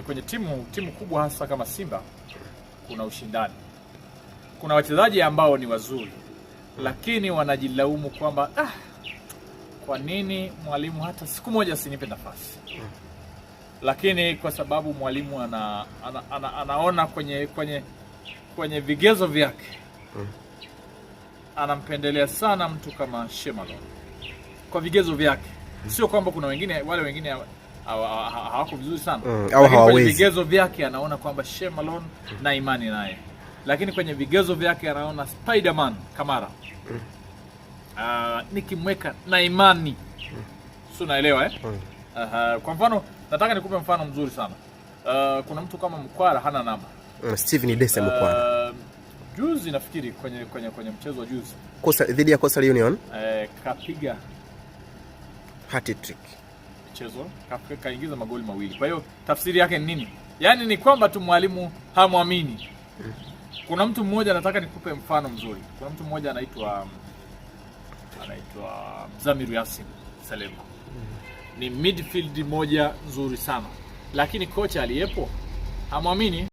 Kwenye timu timu kubwa hasa kama Simba kuna ushindani, kuna wachezaji ambao ni wazuri, lakini wanajilaumu kwamba ah, kwa nini mwalimu hata siku moja asinipe nafasi? Lakini kwa sababu mwalimu ana, ana, ana, anaona kwenye, kwenye, kwenye vigezo vyake anampendelea sana mtu kama Shemalo kwa vigezo vyake, sio kwamba kuna wengine wale wengine hawako vizuri sana mm, au hawawezi. Vigezo vyake anaona kwamba Shea Malone na imani naye, lakini kwenye vigezo vyake anaona Spider-Man Kamara mm. Uh, nikimweka na imani mm. si unaelewa eh? mm. uh, kwa mfano nataka nikupe mfano mzuri sana uh, kuna mtu kama Mkwara hana namba mm, Steven Dese ah, Mkwara uh, juzi nafikiri kwenye kwenye kwenye mchezo wa juzi kosa dhidi ya Coastal Union eh, kapiga hat trick mchezo kaingiza magoli mawili. Kwa hiyo tafsiri yake ni nini? Yaani ni kwamba tu mwalimu hamwamini. Kuna mtu mmoja nataka nikupe mfano mzuri. Kuna mtu mmoja anaitwa anaitwa Zamiru Yasin Seleko, ni midfield moja nzuri sana, lakini kocha aliyepo hamwamini.